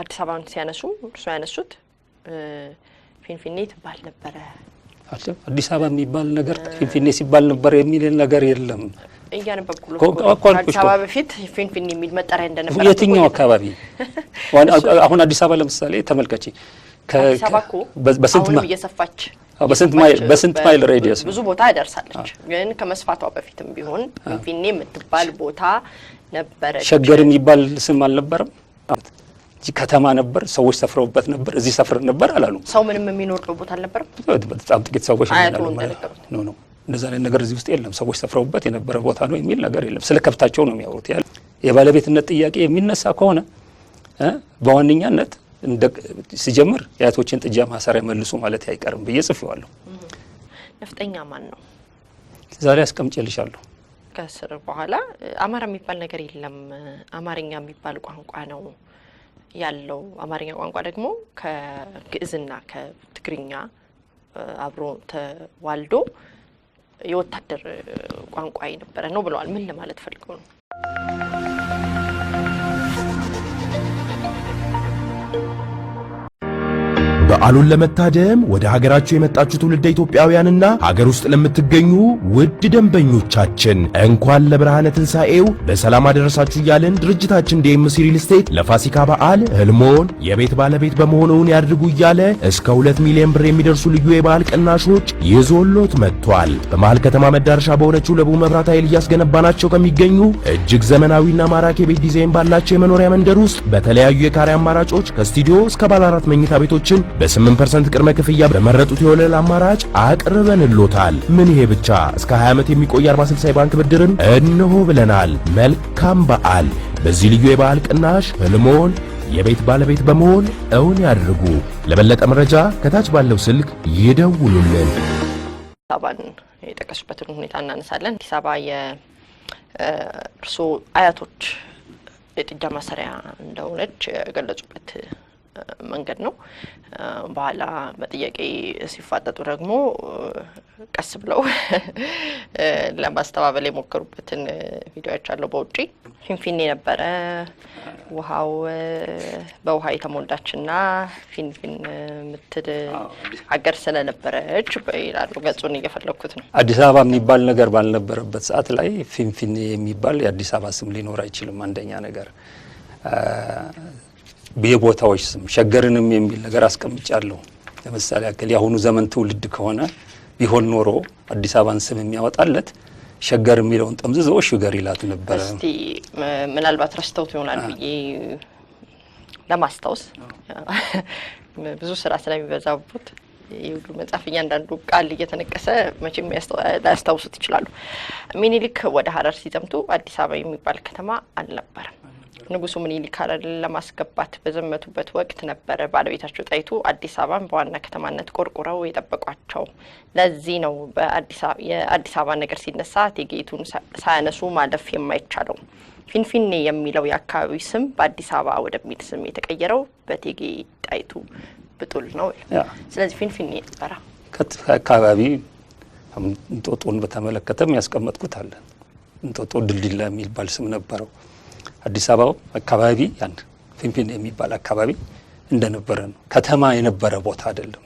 አዲስ አበባን ሲያነሱ እርሱ ያነሱት ፊንፊኔ ትባል ነበረ። አዲስ አበባ የሚባል ነገር ፊንፊኔ ሲባል ነበር የሚል ነገር የለም። እያነበብኩ አበባ በፊት ፊንፊኔ የሚል መጠሪያ እንደነበረ የትኛው አካባቢ? አሁን አዲስ አበባ ለምሳሌ ተመልከች፣ እየሰፋች በስንት ማይል ሬዲየስ ብዙ ቦታ ያደርሳለች። ግን ከመስፋቷ በፊትም ቢሆን ፊንፊኔ የምትባል ቦታ ነበረች። ሸገር የሚባል ስም አልነበረም። ከተማ ነበር፣ ሰዎች ሰፍረውበት ነበር። እዚህ ሰፍር ነበር አላሉ። ሰው ምንም የሚኖርበት ቦታ አልነበረም። በጣም ጥቂት ሰዎች ነው ነው እንደዛ አይነት ነገር እዚህ ውስጥ የለም። ሰዎች ሰፍረውበት የነበረ ቦታ ነው የሚል ነገር የለም። ስለ ከብታቸው ነው የሚያወሩት። ያለ የባለቤትነት ጥያቄ የሚነሳ ከሆነ በዋነኛነት ሲጀምር የአያቶችን ጥጃ ማሰሪያ መልሱ ማለት አይቀርም ብዬ ጽፌዋለሁ። ነፍጠኛ ማን ነው? ዛሬ አስቀምጬልሻለሁ። ከስር በኋላ አማራ የሚባል ነገር የለም። አማርኛ የሚባል ቋንቋ ነው ያለው አማርኛ ቋንቋ ደግሞ ከግዕዝና ከትግርኛ አብሮ ተዋልዶ የወታደር ቋንቋ የነበረ ነው ብለዋል። ምን ለማለት ፈልገው ነው? በዓሉን ለመታደም ወደ ሀገራችሁ የመጣችሁ ትውልደ ኢትዮጵያውያንና ሀገር ውስጥ ለምትገኙ ውድ ደንበኞቻችን እንኳን ለብርሃነ ትንሣኤው በሰላም አደረሳችሁ እያልን ድርጅታችን ዲኤምሲ ሪል ስቴት ለፋሲካ በዓል ህልሞን የቤት ባለቤት በመሆኑን ያድርጉ እያለ እስከ 2 ሚሊዮን ብር የሚደርሱ ልዩ የበዓል ቅናሾች ይዞሎት መጥቷል። በመሃል ከተማ መዳረሻ በሆነችው ለቡ መብራት ኃይል እያስገነባናቸው ከሚገኙ እጅግ ዘመናዊና ማራኪ የቤት ዲዛይን ባላቸው የመኖሪያ መንደር ውስጥ በተለያዩ የካሬ አማራጮች ከስቱዲዮ እስከ ባለ አራት መኝታ ቤቶችን በ8% ቅድመ ክፍያ በመረጡት የወለል አማራጭ አቅርበንሎታል። ምን ይሄ ብቻ እስከ 20 ዓመት የሚቆይ 460 ባንክ ብድርን እንሆ ብለናል። መልካም በዓል! በዚህ ልዩ የበዓል ቅናሽ ህልሞን የቤት ባለቤት በመሆን እውን ያድርጉ። ለበለጠ መረጃ ከታች ባለው ስልክ ይደውሉልን። አዲስ አበባን የጠቀሱበትን ሁኔታ እናነሳለን። አዲስ አበባ የእርሶ አያቶች የጥጃ ማሰሪያ እንደሆነች የገለጹበት መንገድ ነው። በኋላ በጥያቄ ሲፋጠጡ ደግሞ ቀስ ብለው ለማስተባበል የሞከሩበትን ቪዲዮዎች አለው። በውጪ ፊንፊኔ የነበረ ውሃው በውሃ የተሞላችና ፊንፊን የምትል አገር ስለነበረች ይላሉ። ገጹን እየፈለግኩት ነው። አዲስ አበባ የሚባል ነገር ባልነበረበት ሰዓት ላይ ፊንፊኔ የሚባል የአዲስ አበባ ስም ሊኖር አይችልም። አንደኛ ነገር የቦታዎች ስም ሸገርንም የሚል ነገር አስቀምጫለሁ። ለምሳሌ ያክል የአሁኑ ዘመን ትውልድ ከሆነ ቢሆን ኖሮ አዲስ አበባን ስም የሚያወጣለት ሸገር የሚለውን ጠምዝዞ ሹገር ይላት ነበረ። እስቲ ምናልባት ረስተውት ይሆናል ብዬ ለማስታወስ ብዙ ስራ ስለሚበዛቡት የሁሉ መጽሐፍ እያንዳንዱ ቃል እየተነቀሰ መቼም ላያስታውሱት ይችላሉ። ሚኒሊክ ወደ ሀረር ሲዘምቱ አዲስ አበባ የሚባል ከተማ አልነበረም። ንጉሱ ምኒልክ ሐረርን ለማስገባት በዘመቱበት ወቅት ነበረ ባለቤታቸው ጣይቱ አዲስ አበባን በዋና ከተማነት ቆርቁረው የጠበቋቸው። ለዚህ ነው የአዲስ አበባ ነገር ሲነሳ እቴጌይቱን ሳያነሱ ማለፍ የማይቻለው። ፊንፊኔ የሚለው የአካባቢ ስም በአዲስ አበባ ወደሚል ስም የተቀየረው በእቴጌ ጣይቱ ብጡል ነው። ስለዚህ ፊንፊኔ ነበረ። ከአካባቢ እንጦጦን በተመለከተም ያስቀመጥኩት እንጦጦ ድልድላ የሚባል ስም ነበረው። አዲስ አበባ አካባቢ ያን ፊንፊን የሚባል አካባቢ እንደነበረ ነው። ከተማ የነበረ ቦታ አይደለም።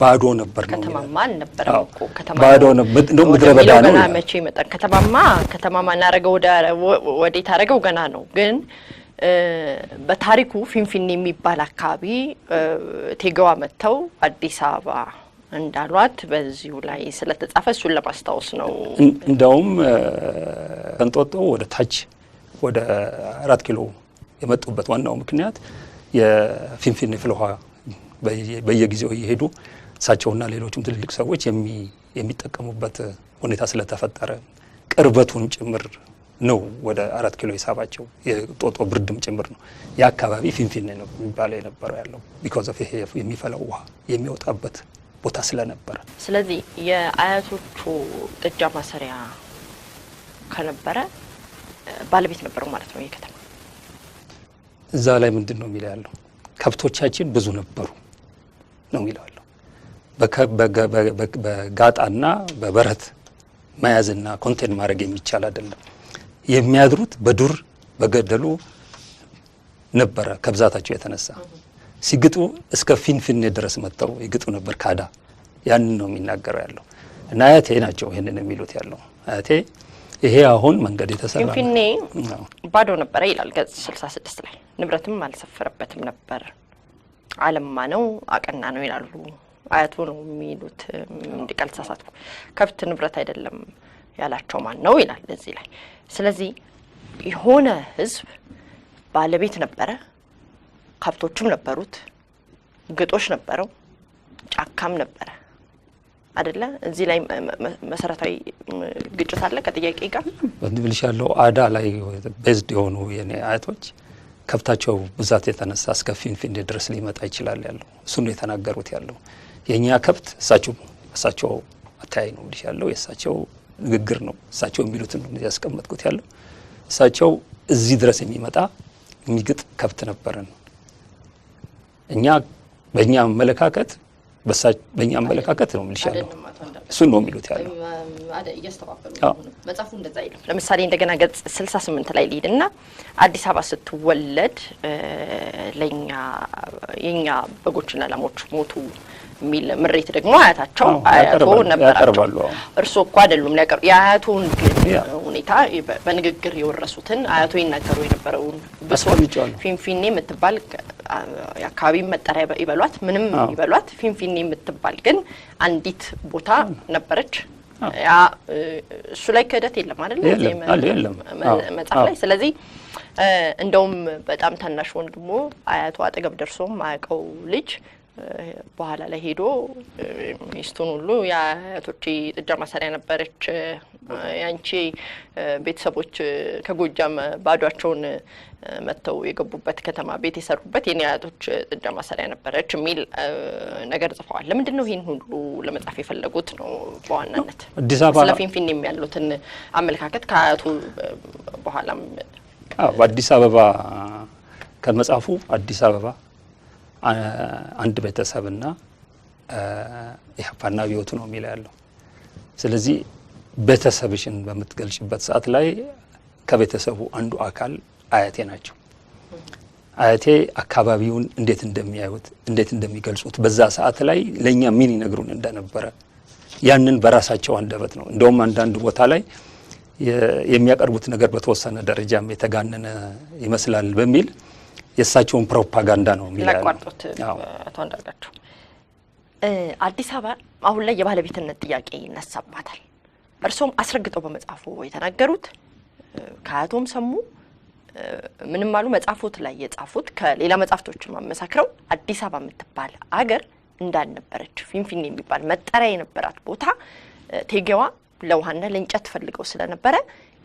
ባዶ ነበር ነው። ከተማማ አልነበረም እኮ ከተማ ባዶ ነበር ነው። ምድረ በዳ ነው። ገና መቼ ይመጣል? ከተማማ ወዴት ገና ነው። ግን በታሪኩ ፊንፊን የሚባል አካባቢ ቴገዋ መጥተው አዲስ አበባ እንዳሏት በዚሁ ላይ ስለተጻፈ እሱን ለማስታወስ ነው። እንደውም እንጦጦ ወደ ታች ወደ አራት ኪሎ የመጡበት ዋናው ምክንያት የፊንፊኔ ውሃ በየጊዜው እየሄዱ እሳቸውና ሌሎችም ትልልቅ ሰዎች የሚጠቀሙበት ሁኔታ ስለተፈጠረ ቅርበቱን ጭምር ነው ወደ አራት ኪሎ የሳባቸው የጦጦ ብርድም ጭምር ነው። ያ ፊንፊኔ ነው የሚባለው የነበረው ያለው ቢኮዝ ኦፍ ይሄ የሚፈለው ውሃ የሚወጣበት ቦታ ስለነበረ፣ ስለዚህ የአያቶቹ ጥጃ ማሰሪያ ከነበረ ባለቤት ነበረው ማለት ነው። ይህ እዛ ላይ ምንድን ነው የሚለው ያለው ከብቶቻችን ብዙ ነበሩ ነው የሚለው ያለው በጋጣና በበረት መያዝና ኮንቴን ማድረግ የሚቻል አይደለም። የሚያድሩት በዱር በገደሉ ነበረ ከብዛታቸው የተነሳ ሲግጡ እስከ ፊንፊን ድረስ መጥተው ይግጡ ነበር። ካዳ ያንን ነው የሚናገረው ያለው እና አያቴ ናቸው ይህንን የሚሉት ያለው አያቴ ይሄ አሁን መንገድ የተሰራ ፊንፊኔ ባዶ ነበረ ይላል ገጽ 66 ላይ ንብረትም አልሰፈረበትም ነበር አለማ ነው አቀና ነው ይላሉ አያቱ ነው የሚሉት እንዲቀል ተሳሳትኩ ከብት ንብረት አይደለም ያላቸው ማን ነው ይላል እዚህ ላይ ስለዚህ የሆነ ህዝብ ባለቤት ነበረ ከብቶችም ነበሩት ግጦሽ ነበረው ጫካም ነበረ አደለ? እዚህ ላይ መሰረታዊ ግጭት አለ ከጥያቄ ጋር ብልሽ ያለው አዳ ላይ ቤዝድ የሆኑ የኔ አያቶች ከብታቸው ብዛት የተነሳ እስከ ፊንፊኔ ድረስ ሊመጣ ይችላል ያለው እሱ ነው የተናገሩት ያለው የእኛ ከብት እሳቸው እሳቸው አተያይ ነው ብልሽ ያለው የእሳቸው ንግግር ነው እሳቸው የሚሉትን ያስቀመጥኩት ያለው እሳቸው እዚህ ድረስ የሚመጣ የሚግጥ ከብት ነበረን እኛ በእኛ አመለካከት በሳ በእኛ አመለካከት ነው ምልሽ ያለው እሱን ነው የሚሉት ያለው መጽሐፉ እንደዛ ይላል ለምሳሌ እንደገና ገጽ 68 ላይ ልሂድና አዲስ አበባ ስትወለድ ለኛ የኛ በጎችና ላሞች ሞቱ የሚል ምሬት ደግሞ አያታቸው አያቶ ነበራቸው። እርስዎ እኮ አይደሉም ሊያቀር የአያቶን ግን ሁኔታ በንግግር የወረሱትን አያቶ ይናገሩ የነበረውን ብሶት ፊንፊኔ የምትባል የአካባቢ መጠሪያ ይበሏት ምንም ይበሏት ፊንፊኔ የምትባል ግን አንዲት ቦታ ነበረች። ያ እሱ ላይ ክህደት የለም አይደለ? መጽሐፍ ላይ ስለዚህ እንደውም በጣም ታናሽ ወንድሞ አያቱ አጠገብ ደርሶም አያውቀው ልጅ በኋላ ላይ ሄዶ ሚስቱን ሁሉ የአያቶቼ ጥጃ ማሰሪያ ነበረች፣ ያንቺ ቤተሰቦች ከጎጃም ባዷቸውን መጥተው የገቡበት ከተማ ቤት የሰሩበት የኔ አያቶች ጥጃ ማሰሪያ ነበረች የሚል ነገር ጽፈዋል። ለምንድን ነው ይህን ሁሉ ለመጻፍ የፈለጉት ነው? በዋናነት አዲስ አበባ ስለ ፊንፊን የሚያሉትን አመለካከት ከአያቱ በኋላም አዲስ አበባ ከመጻፉ አዲስ አበባ አንድ ቤተሰብና ኢህአፓና አብዮቱ ነው የሚለው ያለው። ስለዚህ ቤተሰብሽን በምትገልጭበት ሰዓት ላይ ከቤተሰቡ አንዱ አካል አያቴ ናቸው። አያቴ አካባቢውን እንዴት እንደሚያዩት እንዴት እንደሚገልጹት በዛ ሰዓት ላይ ለእኛ ምን ይነግሩን እንደነበረ ያንን በራሳቸው አንደበት ነው። እንደውም አንዳንድ ቦታ ላይ የሚያቀርቡት ነገር በተወሰነ ደረጃም የተጋነነ ይመስላል በሚል የእሳቸውን ፕሮፓጋንዳ ነው የሚላቋርጡት። አቶ አንዳርጋቸው አዲስ አበባ አሁን ላይ የባለቤትነት ጥያቄ ይነሳባታል። እርሶም አስረግጠው በመጽሐፉ የተናገሩት ከአቶም ሰሙ ምንም አሉ መጽሐፎት ላይ የጻፉት ከሌላ መጽሐፍቶች አመሳክረው አዲስ አበባ የምትባል አገር እንዳልነበረች ፊንፊኔ የሚባል መጠሪያ የነበራት ቦታ ቴጌዋ ለውሃና ለእንጨት ፈልገው ስለነበረ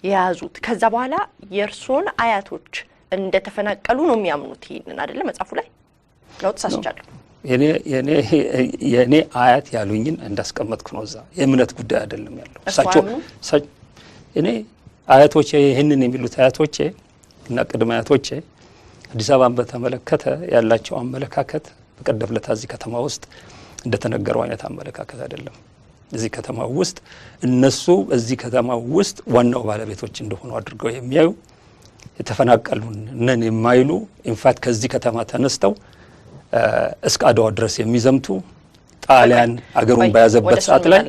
የያዙት ከዛ በኋላ የእርሶን አያቶች እንደተፈናቀሉ ነው የሚያምኑት። ይህንን አይደለ መጽሐፉ ላይ ነው ተሳስቻለሁ። የእኔ አያት ያሉኝን እንዳስቀመጥኩ ነው። እዛ የእምነት ጉዳይ አይደለም ያለው እሳቸው እኔ አያቶቼ ይህንን የሚሉት አያቶቼ እና ቅድመ አያቶቼ አዲስ አበባን በተመለከተ ያላቸው አመለካከት በቀደም ለታ እዚህ ከተማ ውስጥ እንደተነገረው አይነት አመለካከት አይደለም። እዚህ ከተማ ውስጥ እነሱ እዚህ ከተማ ውስጥ ዋናው ባለቤቶች እንደሆኑ አድርገው የሚያዩ የተፈናቀሉ ነን የማይሉ ኢንፋት ከዚህ ከተማ ተነስተው እስከ አድዋ ድረስ የሚዘምቱ ጣሊያን አገሩን በያዘበት ሰዓት ላይ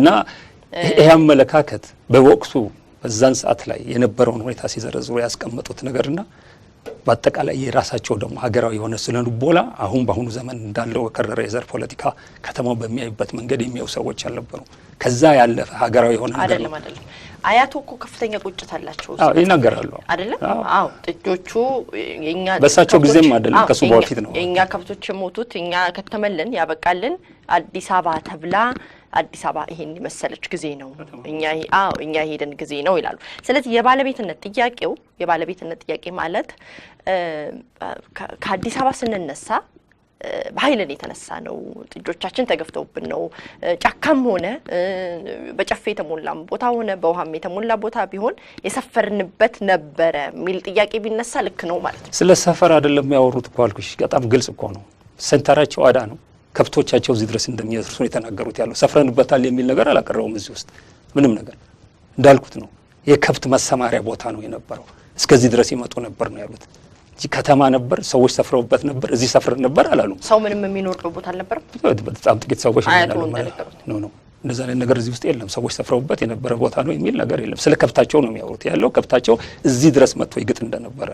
እና ይህ አመለካከት በወቅቱ በዛን ሰዓት ላይ የነበረውን ሁኔታ ሲዘረዝሩ ያስቀመጡት ነገርና በአጠቃላይ የራሳቸው ደግሞ ሀገራዊ የሆነ ስነልቦና አሁን በአሁኑ ዘመን እንዳለው የከረረ የዘር ፖለቲካ ከተማው በሚያዩበት መንገድ የሚያዩ ሰዎች አልነበሩ። ከዛ ያለፈ ሀገራዊ የሆነ ነገር ነው። አያቱ እኮ ከፍተኛ ቁጭት አላቸው አዎ ይናገራሉ። አይደለም? አዎ ጥጆቹ የኛ በሳቸው ጊዜም አይደለም ከሱ በፊት ነው የኛ ከብቶች የሞቱት። እኛ ከተመልን ያበቃልን አዲስ አበባ ተብላ አዲስ አበባ ይሄን የመሰለች ጊዜ ነው እኛ አዎ እኛ ሄደን ጊዜ ነው ይላሉ። ስለዚህ የባለቤትነት ጥያቄው የባለቤትነት ጥያቄ ማለት ከአዲስ አበባ ስንነሳ በኃይልን የተነሳ ነው። ጥጆቻችን ተገፍተውብን ነው። ጫካም ሆነ በጨፌ የተሞላም ቦታ ሆነ በውሃም የተሞላ ቦታ ቢሆን የሰፈርንበት ነበረ የሚል ጥያቄ ቢነሳ ልክ ነው ማለት ነው። ስለ ሰፈር አይደለም ያወሩት እኮ አልኩሽ። በጣም ግልጽ እኮ ነው። ሴንተራቸው አዳ ነው። ከብቶቻቸው እዚህ ድረስ እንደሚደርሱ የተናገሩት ያለው ሰፍረንበታል የሚል ነገር አላቀረበም። እዚህ ውስጥ ምንም ነገር እንዳልኩት ነው። የከብት መሰማሪያ ቦታ ነው የነበረው። እስከዚህ ድረስ ይመጡ ነበር ነው ያሉት። ከተማ ነበር፣ ሰዎች ሰፍረውበት ነበር። እዚህ ሰፍር ነበር አላሉ። ሰው ምንም የሚኖርበት ቦታ አልነበረም። በጣም ጥቂት ሰዎች ነው። እንደዛ አይነት ነገር እዚህ ውስጥ የለም። ሰዎች ሰፍረውበት የነበረ ቦታ ነው የሚል ነገር የለም። ስለ ከብታቸው ነው የሚያወሩት ያለው። ከብታቸው እዚህ ድረስ መጥቶ ይግጥ እንደነበረ፣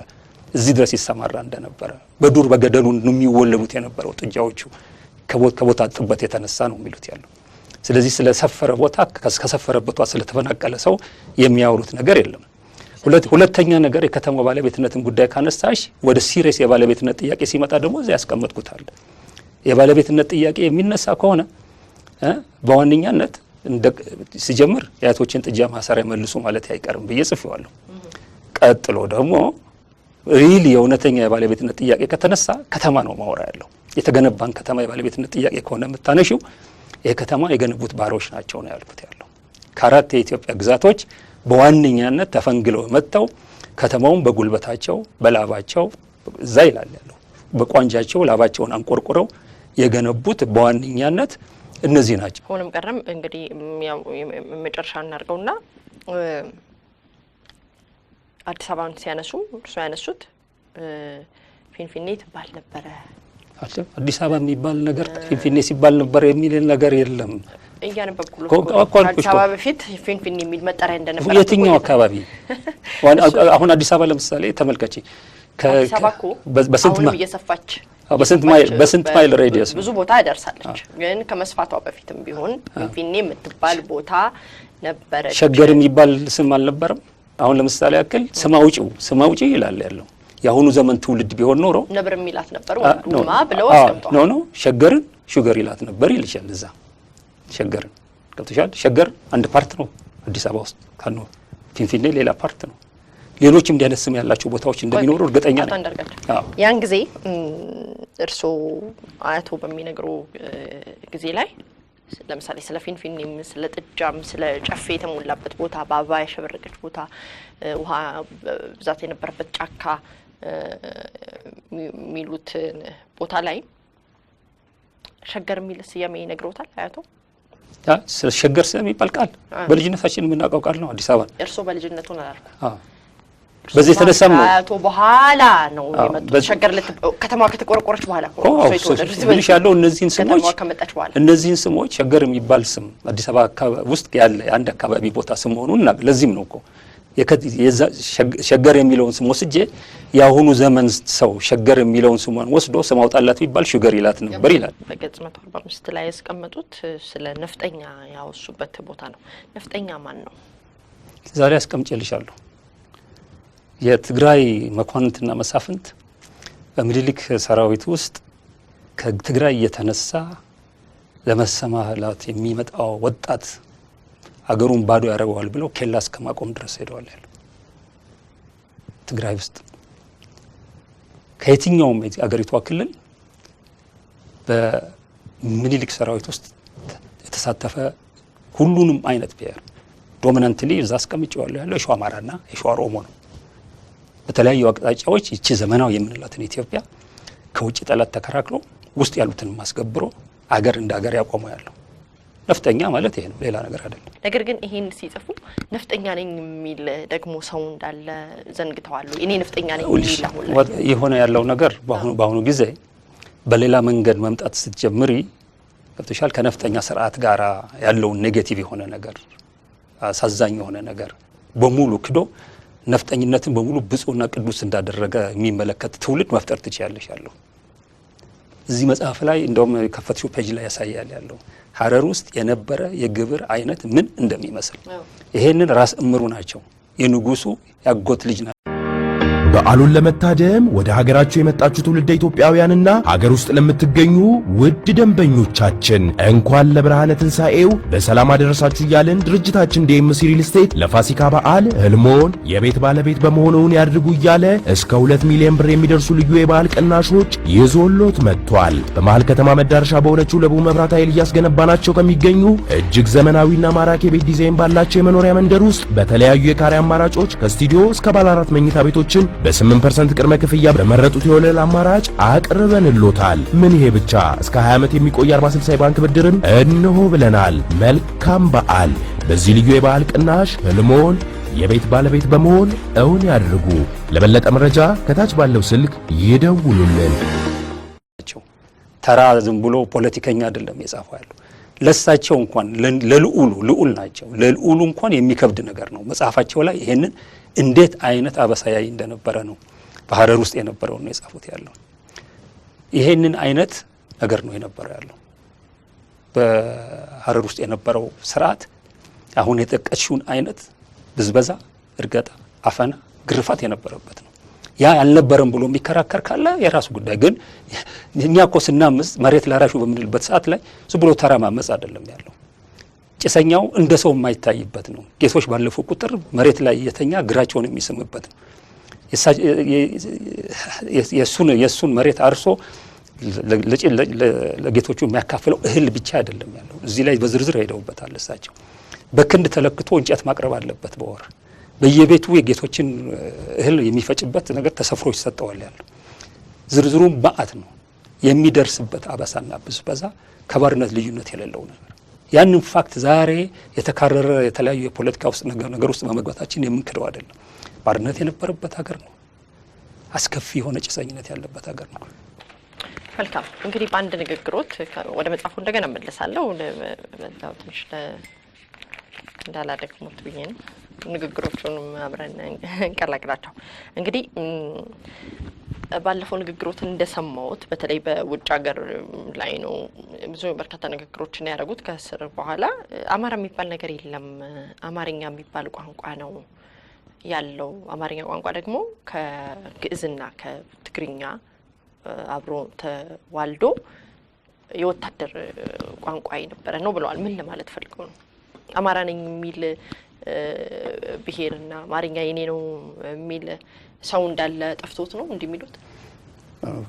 እዚህ ድረስ ይሰማራ እንደነበረ፣ በዱር በገደሉ የሚወለዱት የነበረው ጥጃዎቹ ከቦታ ጥበት የተነሳ ነው የሚሉት ያለው። ስለዚህ ስለሰፈረ ቦታ ከሰፈረበቷ ስለተፈናቀለ ሰው የሚያወሩት ነገር የለም። ሁለተኛ ነገር የከተማ ባለቤትነትን ጉዳይ ካነሳሽ ወደ ሲሬስ የባለቤትነት ጥያቄ ሲመጣ ደግሞ እዚያ ያስቀመጥኩታል። የባለቤትነት ጥያቄ የሚነሳ ከሆነ በዋነኛነት ሲጀምር የአያቶችን ጥጃ ማሰሪያ መልሱ ማለት አይቀርም ብዬ ጽፌዋለሁ። ቀጥሎ ደግሞ ሪል የእውነተኛ የባለቤትነት ጥያቄ ከተነሳ ከተማ ነው ማውራ ያለው። የተገነባን ከተማ የባለቤትነት ጥያቄ ከሆነ የምታነሽው ይህ ከተማ የገነቡት ባሮች ናቸው ነው ያልኩት ያለው ከአራት የኢትዮጵያ ግዛቶች በዋነኛነት ተፈንግለው መጥተው ከተማውን በጉልበታቸው በላባቸው እዛ ይላል ያለው በቋንጃቸው ላባቸውን አንቆርቁረው የገነቡት በዋነኛነት እነዚህ ናቸው። ሆኖም ቀረም እንግዲህ መጨረሻ ና አዲስ አበባን ሲያነሱ እርሱ ያነሱት ፊንፊኔ ትባል ነበረ። አዲስ አበባ የሚባል ነገር ፊንፊኔ ሲባል ነበር የሚል ነገር የለም። እያነበብኩ ከአዲስ አበባ በፊት ፊንፊን የሚል መጠሪያ እንደነበረ የትኛው አካባቢ? አሁን አዲስ አበባ ለምሳሌ ተመልከቺ፣ በስንት እየሰፋች በስንት ማይል ሬዲየስ ብዙ ቦታ ያደርሳለች። ግን ከመስፋቷ በፊትም ቢሆን ፊንፊኔ የምትባል ቦታ ነበረች። ሸገር የሚባል ስም አልነበረም። አሁን ለምሳሌ ያክል ስም አውጪው ስም አውጪ ይላል ያለው የአሁኑ ዘመን ትውልድ ቢሆን ኖሮ ነብር የሚላት ነበር ብለው ሸገርን ሹገር ይላት ነበር ይልሻል እዛ ሸገርን ገብተሻል። ሸገር አንድ ፓርት ነው አዲስ አበባ ውስጥ ካኖ፣ ፊንፊኔ ሌላ ፓርት ነው። ሌሎችም እንዲያነስ ስም ያላቸው ቦታዎች እንደሚኖሩ እርግጠኛ ነኝ። ያን ጊዜ እርስዎ አያቶ በሚነግሩ ጊዜ ላይ ለምሳሌ ስለ ፊንፊኔም ስለ ጥጃም ስለ ጨፌ የተሞላበት ቦታ በአበባ ያሸበረቀች ቦታ ውሃ ብዛት የነበረበት ጫካ የሚሉት ቦታ ላይ ሸገር የሚል ስያሜ ይነግረውታል አያቶ። ሸገር ስለሚባል ቃል በልጅነታችን የምናውቀው ቃል ነው። አዲስ አበባ እርሶ በልጅነቱ በዚህ የተነሳ ነው በኋላ ነው ሸገር ከተማ ከተቆረቆረች በኋላ ትንሽ ያለው እነዚህን ስሞች እነዚህን ስሞች ሸገር የሚባል ስም አዲስ አበባ ውስጥ ያለ አንድ አካባቢ ቦታ ስም መሆኑን ለዚህም ነው እኮ ሸገር የሚለውን ስም ወስጄ የአሁኑ ዘመን ሰው ሸገር የሚለውን ስሟን ወስዶ ስም አውጣላት ቢባል ሹገር ይላት ነበር ይላል። በገጽ መቶ አርባ አምስት ላይ ያስቀመጡት ስለ ነፍጠኛ ያወሱበት ቦታ ነው። ነፍጠኛ ማን ነው? ዛሬ አስቀምጬልሻለሁ። የትግራይ መኳንንትና መሳፍንት በምኒልክ ሰራዊት ውስጥ ከትግራይ እየተነሳ ለመሰማላት የሚመጣው ወጣት አገሩን ባዶ ያደርገዋል ብለው ኬላ እስከ ማቆም ድረስ ሄደዋል ያሉ ትግራይ ውስጥ ከየትኛውም አገሪቷ ክልል በምኒልክ ሰራዊት ውስጥ የተሳተፈ ሁሉንም አይነት ብሔር ዶሚናንትሊ እዛ አስቀምጬዋለሁ ያለው የሸዋ አማራና የሸዋ ኦሮሞ ነው። በተለያዩ አቅጣጫዎች ይቺ ዘመናዊ የምንላትን ኢትዮጵያ ከውጭ ጠላት ተከራክሎ ውስጥ ያሉትን ማስገብሮ አገር እንደ አገር ያቆመ ያለው ነፍጠኛ ማለት ይሄ ነው፣ ሌላ ነገር አይደለም። ነገር ግን ይሄን ሲጽፉ ነፍጠኛ ነኝ የሚል ደግሞ ሰው እንዳለ ዘንግተዋሉ። እኔ ነፍጠኛ ነኝ የሆነ ያለው ነገር በአሁኑ ጊዜ በሌላ መንገድ መምጣት ስትጀምሪ ገብቶሻል። ከነፍጠኛ ስርዓት ጋር ያለውን ኔጌቲቭ የሆነ ነገር አሳዛኝ የሆነ ነገር በሙሉ ክዶ ነፍጠኝነትን በሙሉ ብፁዕና ቅዱስ እንዳደረገ የሚመለከት ትውልድ መፍጠር ትችያለሽ። ያለው እዚህ መጽሐፍ ላይ እንደውም ከፈትሹ ፔጅ ላይ ያሳያል ያለው ሀረር ውስጥ የነበረ የግብር አይነት ምን እንደሚመስል ይሄንን ራስ እምሩ ናቸው የንጉሱ ያጎት ልጅ ናቸው። በዓሉን ለመታደም ወደ ሀገራችሁ የመጣችሁ ትውልደ ኢትዮጵያውያንና ሀገር ውስጥ ለምትገኙ ውድ ደንበኞቻችን እንኳን ለብርሃነ ትንሣኤው በሰላም አደረሳችሁ እያልን ድርጅታችን ዲኤምሲ ሪል ስቴት ለፋሲካ በዓል ህልሞን የቤት ባለቤት በመሆኑን ያድርጉ እያለ እስከ 2 ሚሊዮን ብር የሚደርሱ ልዩ የበዓል ቅናሾች ይዞሎት መጥቷል። በመሃል ከተማ መዳረሻ በሆነችው ለቡ መብራት ኃይል እያስገነባናቸው ከሚገኙ እጅግ ዘመናዊና ማራኪ የቤት ዲዛይን ባላቸው የመኖሪያ መንደር ውስጥ በተለያዩ የካሬ አማራጮች ከስቱዲዮ እስከ ባለ አራት መኝታ ቤቶችን በ8% ቅድመ ክፍያ በመረጡት የወለል አማራጭ አቅርበንሎታል። ምን ይሄ ብቻ እስከ 20 ዓመት የሚቆይ 46 ባንክ ብድርም እንሆ ብለናል። መልካም በዓል! በዚህ ልዩ የበዓል ቅናሽ ህልሞን የቤት ባለቤት በመሆን እውን ያድርጉ። ለበለጠ መረጃ ከታች ባለው ስልክ ይደውሉልን። ተራ ዝም ብሎ ፖለቲከኛ አይደለም የጻፈው ያለው ለሳቸው እንኳን ለልዑሉ ልዑል ናቸው ለልዑሉ እንኳን የሚከብድ ነገር ነው መጽሐፋቸው ላይ ይሄንን እንዴት አይነት አበሳያይ እንደነበረ ነው። በሀረር ውስጥ የነበረው ነው የጻፉት ያለው። ይሄንን አይነት ነገር ነው የነበረ ያለው በሀረር ውስጥ የነበረው ስርዓት አሁን የጠቀችውን አይነት ብዝበዛ፣ እርገጣ፣ አፈና፣ ግርፋት የነበረበት ነው። ያ አልነበረም ብሎ የሚከራከር ካለ የራሱ ጉዳይ። ግን እኛ እኮ ስናምጽ መሬት ላራሹ በምንልበት ሰዓት ላይ ዝም ብሎ ተራ ማመጽ አይደለም ያለው ጭሰኛው እንደ ሰው የማይታይበት ነው። ጌቶች ባለፉ ቁጥር መሬት ላይ የተኛ እግራቸውን የሚስምበት ነው። የእሱን መሬት አርሶ ለጌቶቹ የሚያካፍለው እህል ብቻ አይደለም ያለው። እዚህ ላይ በዝርዝር ሄደውበታል። እሳቸው በክንድ ተለክቶ እንጨት ማቅረብ አለበት። በወር በየቤቱ የጌቶችን እህል የሚፈጭበት ነገር ተሰፍሮ ይሰጠዋል ያለው። ዝርዝሩም መዓት ነው የሚደርስበት አበሳና ብዝበዛ ከባርነት ልዩነት የሌለው ነገር ያንን ፋክት ዛሬ የተካረረ የተለያዩ የፖለቲካ ውስጥ ነገር ውስጥ በመግባታችን የምንክደው አይደለም። ባርነት የነበረበት ሀገር ነው። አስከፊ የሆነ ጭሰኝነት ያለበት ሀገር ነው። መልካም እንግዲህ በአንድ ንግግሮት ወደ መጽሐፉ እንደገና እመለሳለሁ። ትንሽ እንዳላደግሞት ብዬ ነው። ንግግሮቹንም አብረን እንቀላቅላቸው እንግዲህ ባለፈው ንግግሮትን እንደሰማሁት በተለይ በውጭ ሀገር ላይ ነው ብዙ በርካታ ንግግሮችን ያደረጉት። ከእስር በኋላ አማራ የሚባል ነገር የለም፣ አማርኛ የሚባል ቋንቋ ነው ያለው። አማርኛ ቋንቋ ደግሞ ከግዕዝና ከትግርኛ አብሮ ተዋልዶ የወታደር ቋንቋ የነበረ ነው ብለዋል። ምን ለማለት ፈልገው ነው? አማራ ነኝ የሚል ብሄርና አማርኛ የኔ ነው የሚል ሰው እንዳለ ጠፍቶት ነው እንዲህ የሚሉት።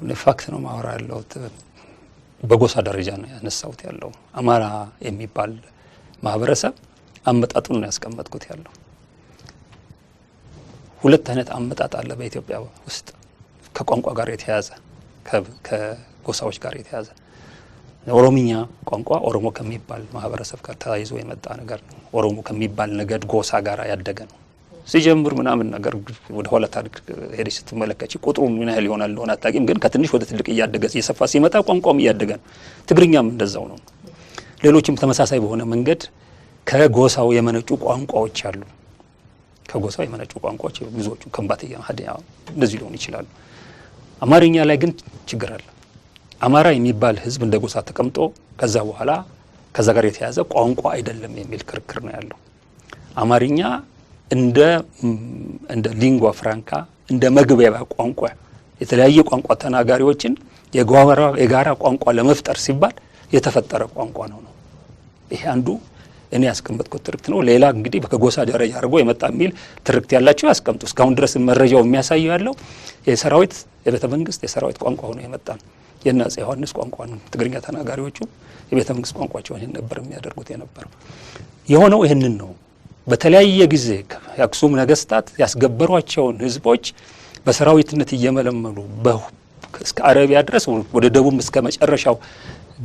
ለፋክት ነው ማወራ ያለሁት። በጎሳ ደረጃ ነው ያነሳሁት ያለው አማራ የሚባል ማህበረሰብ አመጣጡን ነው ያስቀመጥኩት ያለው። ሁለት አይነት አመጣጥ አለ በኢትዮጵያ ውስጥ ከቋንቋ ጋር የተያዘ ከጎሳዎች ጋር የተያዘ ኦሮምኛ ቋንቋ ኦሮሞ ከሚባል ማህበረሰብ ጋር ተያይዞ የመጣ ነገር ነው። ኦሮሞ ከሚባል ነገድ ጎሳ ጋር ያደገ ነው። ሲጀምር ምናምን ነገር ወደ ኋላ ታሪክ ሄደሽ ስትመለከች ቁጥሩ ምን ያህል ይሆናል እንደሆነ አታውቂም። ግን ከትንሽ ወደ ትልቅ እያደገ እየሰፋ ሲመጣ ቋንቋም እያደገ ነው። ትግርኛም እንደዛው ነው። ሌሎችም ተመሳሳይ በሆነ መንገድ ከጎሳው የመነጩ ቋንቋዎች አሉ። ከጎሳው የመነጩ ቋንቋዎች ብዙዎቹ ከምባታ፣ ሀዲያ እንደዚህ ሊሆኑ ይችላሉ። አማርኛ ላይ ግን ችግር አለ። አማራ የሚባል ህዝብ እንደ ጎሳ ተቀምጦ ከዛ በኋላ ከዛ ጋር የተያዘ ቋንቋ አይደለም የሚል ክርክር ነው ያለው። አማርኛ እንደ እንደ ሊንጓ ፍራንካ እንደ መግቢያ ቋንቋ የተለያየ ቋንቋ ተናጋሪዎችን የጋራ ቋንቋ ለመፍጠር ሲባል የተፈጠረ ቋንቋ ነው ነው ይሄ አንዱ እኔ ያስቀመጥኩት ትርክት ነው። ሌላ እንግዲህ ከጎሳ ደረጃ አድርጎ የመጣ የሚል ትርክት ያላቸው ያስቀምጡ። እስካሁን ድረስ መረጃው የሚያሳየው ያለው የሰራዊት የቤተ መንግስት የሰራዊት ቋንቋ ሆኖ የመጣ ነው። የአፄ ዮሐንስ ቋንቋ ነው። ትግርኛ ተናጋሪዎቹ የቤተ መንግስት ቋንቋቸውን ይህን ነበር የሚያደርጉት የነበረው። የሆነው ይህንን ነው። በተለያየ ጊዜ የአክሱም ነገስታት ያስገበሯቸውን ህዝቦች በሰራዊትነት እየመለመሉ እስከ አረቢያ ድረስ ወደ ደቡብ እስከ መጨረሻው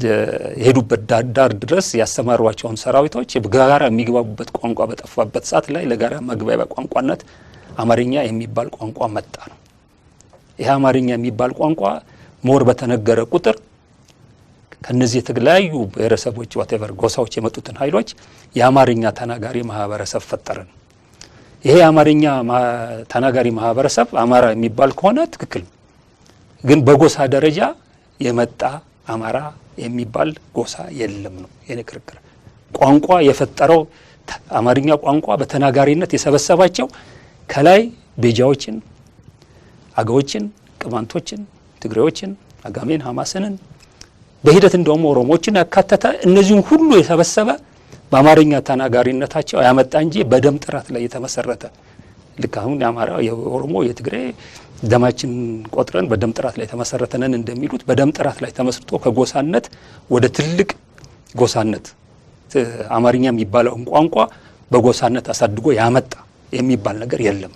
የሄዱበት ዳር ድረስ ያሰማሯቸውን ሰራዊቶች በጋራ የሚግባቡበት ቋንቋ በጠፋበት ሰዓት ላይ ለጋራ መግባቢያ ቋንቋነት አማርኛ የሚባል ቋንቋ መጣ ነው። ይህ አማርኛ የሚባል ቋንቋ ሞር በተነገረ ቁጥር ከነዚህ የተለያዩ ብሔረሰቦች ዋቴቨር ጎሳዎች የመጡትን ኃይሎች የአማርኛ ተናጋሪ ማህበረሰብ ፈጠርን። ይሄ የአማርኛ ተናጋሪ ማህበረሰብ አማራ የሚባል ከሆነ ትክክል፣ ግን በጎሳ ደረጃ የመጣ አማራ የሚባል ጎሳ የለም ነው የኔ ክርክር። ቋንቋ የፈጠረው አማርኛ ቋንቋ በተናጋሪነት የሰበሰባቸው ከላይ ቤጃዎችን፣ አገዎችን፣ ቅማንቶችን ትግሬዎችን፣ አጋሜን፣ ሀማስንን በሂደት እንደውም ኦሮሞዎችን ያካተተ እነዚህም ሁሉ የሰበሰበ በአማርኛ ተናጋሪነታቸው ያመጣ እንጂ በደም ጥራት ላይ የተመሰረተ ልክ አሁን የአማራ የኦሮሞ የትግሬ ደማችን ቆጥረን በደም ጥራት ላይ ተመሰረተነን እንደሚሉት በደም ጥራት ላይ ተመስርቶ ከጎሳነት ወደ ትልቅ ጎሳነት አማርኛ የሚባለውን ቋንቋ በጎሳነት አሳድጎ ያመጣ የሚባል ነገር የለም።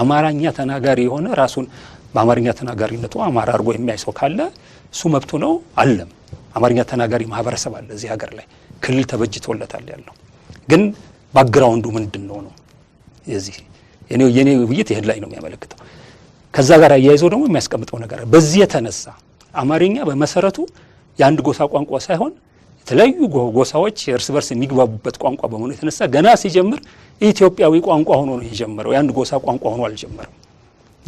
አማራኛ ተናጋሪ የሆነ ራሱን በአማርኛ ተናጋሪነቱ አማራ አድርጎ የሚያይ ሰው ካለ እሱ መብቱ ነው አለም። አማርኛ ተናጋሪ ማህበረሰብ አለ እዚህ ሀገር ላይ ክልል ተበጅቶለታል ያለው። ግን ባግራውንዱ ምንድን ነው ነው የዚህ የኔ ውይይት ይህን ላይ ነው የሚያመለክተው። ከዛ ጋር አያይዘው ደግሞ የሚያስቀምጠው ነገር በዚህ የተነሳ አማርኛ በመሰረቱ የአንድ ጎሳ ቋንቋ ሳይሆን የተለያዩ ጎሳዎች እርስ በርስ የሚግባቡበት ቋንቋ በመሆኑ የተነሳ ገና ሲጀምር ኢትዮጵያዊ ቋንቋ ሆኖ ነው የጀመረው። የአንድ ጎሳ ቋንቋ ሆኖ አልጀመረም።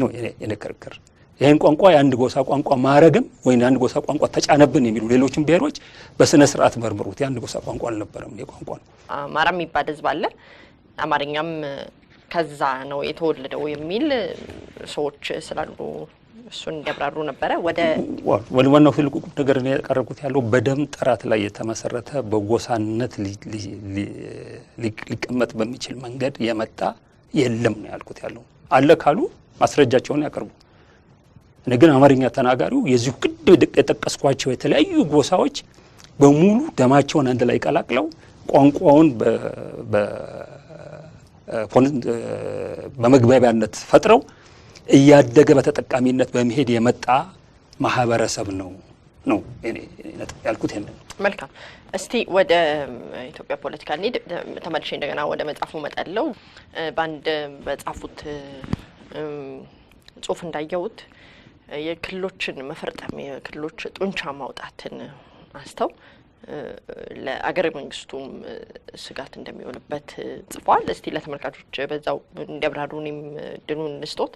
ነው የኔ ክርክር። ይህን ቋንቋ የአንድ ጎሳ ቋንቋ ማረግም ወይ የአንድ ጎሳ ቋንቋ ተጫነብን የሚሉ ሌሎችን ብሔሮች በስነ ስርዓት መርምሩት። የአንድ ጎሳ ቋንቋ አልነበረም፣ ቋንቋ ነው። አማራ የሚባል ህዝብ አለ፣ አማርኛም ከዛ ነው የተወለደው የሚል ሰዎች ስላሉ እሱን እንዲያብራሩ ነበረ። ወደ ዋናው ትልቁ ነገር ያቀረብኩት ያለው በደም ጥራት ላይ የተመሰረተ በጎሳነት ሊቀመጥ በሚችል መንገድ የመጣ የለም ነው ያልኩት ያለው አለ ካሉ ማስረጃቸውን ያቀርቡ። እኔ ግን አማርኛ ተናጋሪው የዚሁ ቅድም የጠቀስኳቸው የተለያዩ ጎሳዎች በሙሉ ደማቸውን አንድ ላይ ቀላቅለው ቋንቋውን በመግባቢያነት ፈጥረው እያደገ በተጠቃሚነት በመሄድ የመጣ ማህበረሰብ ነው ነው ያልኩት። ይሄንን መልካም እስቲ ወደ ኢትዮጵያ ፖለቲካ እንሂድ። ተመልሼ እንደገና ወደ መጽሐፉ መጠለው በአንድ በጻፉት ጽሁፍ እንዳየሁት የክልሎችን መፈርጠም፣ የክልሎች ጡንቻ ማውጣትን አስተው ለአገረ መንግስቱም ስጋት እንደሚሆንበት ጽፏል። እስቲ ለተመልካቾች በዛው እንዲያብራሩ እኔም ድኑን እንስጦት።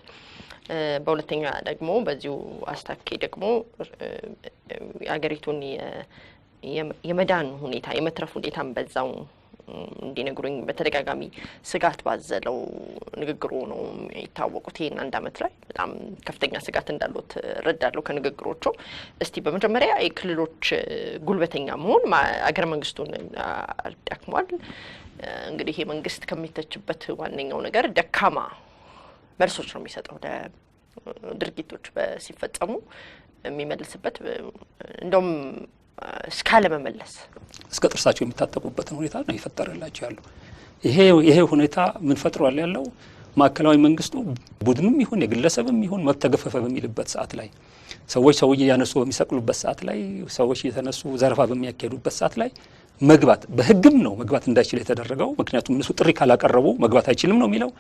በሁለተኛ ደግሞ በዚሁ አስታኬ ደግሞ የአገሪቱን የመዳን ሁኔታ የመትረፍ ሁኔታን በዛው እንዲነግሩኝ በተደጋጋሚ ስጋት ባዘለው ንግግሩ ነው የሚታወቁት። ይህን አንድ አመት ላይ በጣም ከፍተኛ ስጋት እንዳለት እረዳለሁ ከንግግሮቹ። እስቲ በመጀመሪያ የክልሎች ጉልበተኛ መሆን አገረ መንግስቱን አዳክሟል። እንግዲህ ይሄ መንግስት ከሚተችበት ዋነኛው ነገር ደካማ መልሶች ነው የሚሰጠው ድርጊቶች ሲፈጸሙ የሚመልስበት እንደውም እስካለመመለስ እስከ ጥርሳቸው የሚታጠቁበትን ሁኔታ ነው የፈጠረላቸው ያለው። ይሄ ይሄ ሁኔታ ምን ፈጥሯል ያለው ማዕከላዊ መንግስቱ ቡድንም ይሁን የግለሰብም ይሁን መብት ተገፈፈ በሚልበት ሰዓት ላይ ሰዎች ሰው እያነሱ በሚሰቅሉበት ሰዓት ላይ ሰዎች እየተነሱ ዘረፋ በሚያካሄዱበት ሰዓት ላይ መግባት በህግም ነው መግባት እንዳይችል የተደረገው። ምክንያቱም እነሱ ጥሪ ካላቀረቡ መግባት አይችልም ነው የሚለው።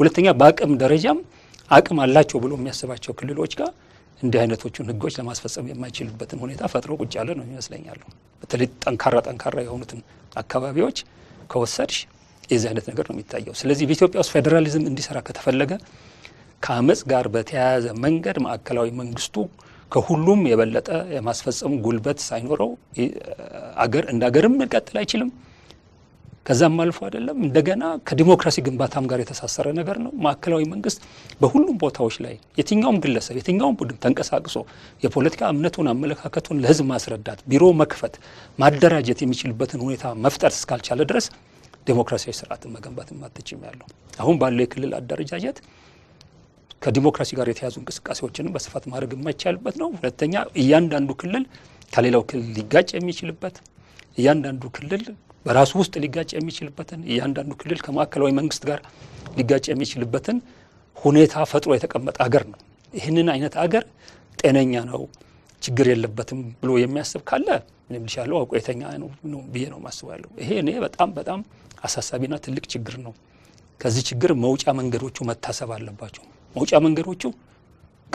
ሁለተኛ በአቅም ደረጃም አቅም አላቸው ብሎ የሚያስባቸው ክልሎች ጋር እንዲህ አይነቶቹን ህጎች ለማስፈጸም የማይችልበትን ሁኔታ ፈጥሮ ቁጭ ያለ ነው ይመስለኛሉ። በተለይ ጠንካራ ጠንካራ የሆኑትን አካባቢዎች ከወሰድሽ የዚህ አይነት ነገር ነው የሚታየው። ስለዚህ በኢትዮጵያ ውስጥ ፌዴራሊዝም እንዲሰራ ከተፈለገ ከአመፅ ጋር በተያያዘ መንገድ ማዕከላዊ መንግስቱ ከሁሉም የበለጠ የማስፈጸም ጉልበት ሳይኖረው አገር እንደ አገርም ሊቀጥል አይችልም። ከዛም አልፎ አይደለም እንደገና ከዲሞክራሲ ግንባታም ጋር የተሳሰረ ነገር ነው። ማዕከላዊ መንግስት በሁሉም ቦታዎች ላይ የትኛውም ግለሰብ የትኛውም ቡድን ተንቀሳቅሶ የፖለቲካ እምነቱን አመለካከቱን ለህዝብ ማስረዳት፣ ቢሮ መክፈት፣ ማደራጀት የሚችልበትን ሁኔታ መፍጠር እስካልቻለ ድረስ ዲሞክራሲያዊ ስርዓትን መገንባት ማትችም ያለው አሁን ባለው የክልል አደረጃጀት ከዲሞክራሲ ጋር የተያዙ እንቅስቃሴዎችንም በስፋት ማድረግ የማይቻልበት ነው። ሁለተኛ እያንዳንዱ ክልል ከሌላው ክልል ሊጋጭ የሚችልበት እያንዳንዱ ክልል በራሱ ውስጥ ሊጋጭ የሚችልበትን እያንዳንዱ ክልል ከማዕከላዊ መንግስት ጋር ሊጋጭ የሚችልበትን ሁኔታ ፈጥሮ የተቀመጠ አገር ነው። ይህንን አይነት አገር ጤነኛ ነው፣ ችግር የለበትም ብሎ የሚያስብ ካለ ምንም ልሻለሁ አውቆ የተኛ ነው ብዬ ነው ማስባለሁ። ይሄ እኔ በጣም በጣም አሳሳቢና ትልቅ ችግር ነው። ከዚህ ችግር መውጫ መንገዶቹ መታሰብ አለባቸው። መውጫ መንገዶቹ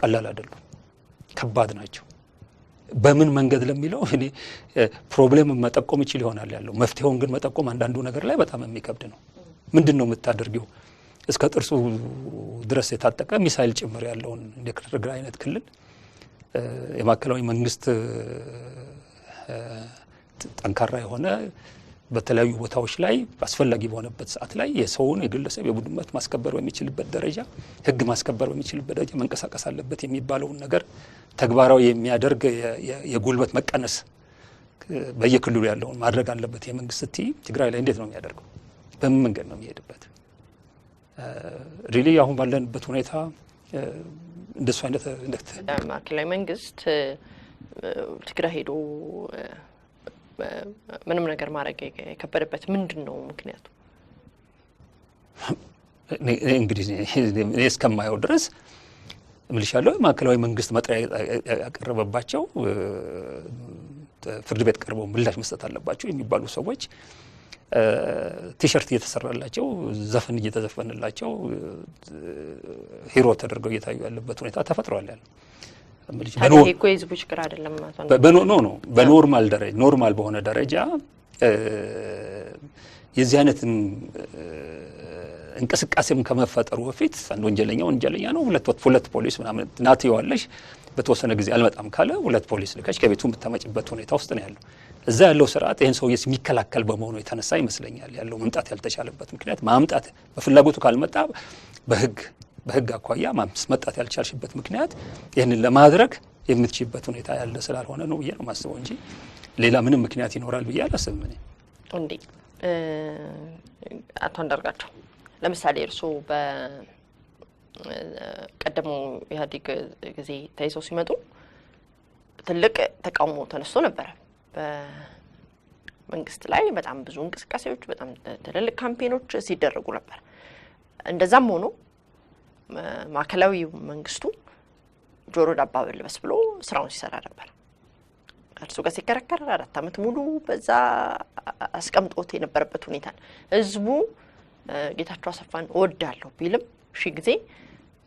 ቀላል አይደሉም፣ ከባድ ናቸው። በምን መንገድ ለሚለው እኔ ፕሮብሌም መጠቆም ይችል ይሆናል ያለው መፍትሄውን ግን መጠቆም አንዳንዱ ነገር ላይ በጣም የሚከብድ ነው። ምንድን ነው የምታደርጊው? እስከ ጥርሱ ድረስ የታጠቀ ሚሳይል ጭምር ያለውን እንደ አይነት ክልል የማዕከላዊ መንግስት ጠንካራ የሆነ በተለያዩ ቦታዎች ላይ አስፈላጊ በሆነበት ሰዓት ላይ የሰውን የግለሰብ የቡድን መብት ማስከበር በሚችልበት ደረጃ ህግ ማስከበር በሚችልበት ደረጃ መንቀሳቀስ አለበት የሚባለውን ነገር ተግባራዊ የሚያደርግ የጉልበት መቀነስ በየክልሉ ያለውን ማድረግ አለበት። የመንግስት ቲ ትግራይ ላይ እንዴት ነው የሚያደርገው? በምን መንገድ ነው የሚሄድበት? ሪሊ አሁን ባለንበት ሁኔታ እንደሱ አይነት ማዕከላዊ መንግስት ትግራይ ሄዶ ምንም ነገር ማድረግ የከበደበት ምንድን ነው ምክንያቱ? እንግዲህ እስከማየው ድረስ ምልሻለሁ ማዕከላዊ መንግስት መጥሪያ ያቀረበባቸው ፍርድ ቤት ቀርበው ምላሽ መስጠት አለባቸው የሚባሉ ሰዎች ቲሸርት እየተሰራላቸው ዘፈን እየተዘፈንላቸው ሂሮ ተደርገው እየታዩ ያለበት ሁኔታ ተፈጥሯል ያለው የህዝቡ ችግር አይደለም። ኖ ኖ በኖርማል ደረጃ ኖርማል በሆነ ደረጃ የዚህ አይነት እንቅስቃሴም ከመፈጠሩ በፊት አንድ ወንጀለኛ ወንጀለኛ ነው። ሁለት ፖሊስ ምናምን ናትየዋለሽ በተወሰነ ጊዜ አልመጣም ካለ ሁለት ፖሊስ ልከሽ ከቤቱ የምታመጭበት ሁኔታ ውስጥ ነው ያለው። እዛ ያለው ስርዓት ይህን ሰው የሚከላከል በመሆኑ የተነሳ ይመስለኛል ያለው መምጣት ያልተቻለበት ምክንያት ማምጣት በፍላጎቱ ካልመጣ በህግ በህግ አኳያ መጣት ያልቻልሽበት ምክንያት ይህንን ለማድረግ የምትችበት ሁኔታ ያለ ስላልሆነ ነው ብዬ ነው ማስበው እንጂ ሌላ ምንም ምክንያት ይኖራል ብዬ አላስብም። እኔ እንዴ አቶ አንዳርጋቸው ለምሳሌ እርስዎ በቀደመው ኢህአዴግ ጊዜ ተይዘው ሲመጡ ትልቅ ተቃውሞ ተነስቶ ነበረ በመንግስት ላይ በጣም ብዙ እንቅስቃሴዎች፣ በጣም ትልልቅ ካምፔኖች ሲደረጉ ነበር። እንደዛም ሆኖ ማዕከላዊው መንግስቱ ጆሮ ዳባ በልበስ ብሎ ስራውን ሲሰራ ነበር። እርሱ ጋር ሲከረከር አራት ዓመት ሙሉ በዛ አስቀምጦት የነበረበት ሁኔታ ነው። ህዝቡ ጌታቸው አሰፋን እወዳለሁ ቢልም ሺ ጊዜ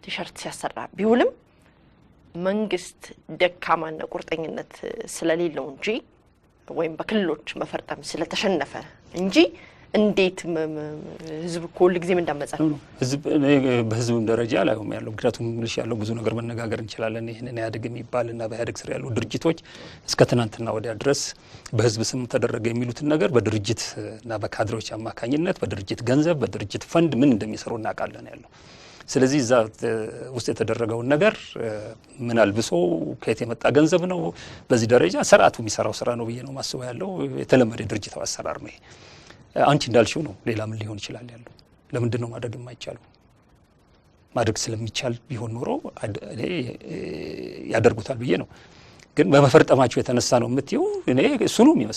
ቲሸርት ሲያሰራ ቢውልም መንግስት ደካማና ቁርጠኝነት ስለሌለው እንጂ ወይም በክልሎች መፈርጠም ስለተሸነፈ እንጂ እንዴት ህዝብ ሁል ጊዜም እንዳመጻል ህዝብ በህዝብም ደረጃ ላይሆም ያለው ምክንያቱም ልሽ ያለው ብዙ ነገር መነጋገር እንችላለን። ይህንን ኢህአዴግ የሚባል እና በኢህአዴግ ስር ያሉ ድርጅቶች እስከ ትናንትና ወዲያ ድረስ በህዝብ ስም ተደረገ የሚሉትን ነገር በድርጅት እና በካድሬዎች አማካኝነት በድርጅት ገንዘብ በድርጅት ፈንድ ምን እንደሚሰሩ እናውቃለን ያለው ስለዚህ እዛ ውስጥ የተደረገውን ነገር ምን አልብሶ ከየት የመጣ ገንዘብ ነው፣ በዚህ ደረጃ ስርዓቱ የሚሰራው ስራ ነው ብዬ ነው ማስበው። ያለው የተለመደ ድርጅታዊ አሰራር ነው ይሄ። አንቺ እንዳልሽው ነው። ሌላ ምን ሊሆን ይችላል ያለው? ለምንድን ነው ማድረግ የማይቻለው? ማድረግ ስለሚቻል ቢሆን ኖሮ ያደርጉታል ብዬ ነው። ግን በመፈርጠማቸው የተነሳ ነው የምትይው። እኔ እሱኑ ይመስለኛል።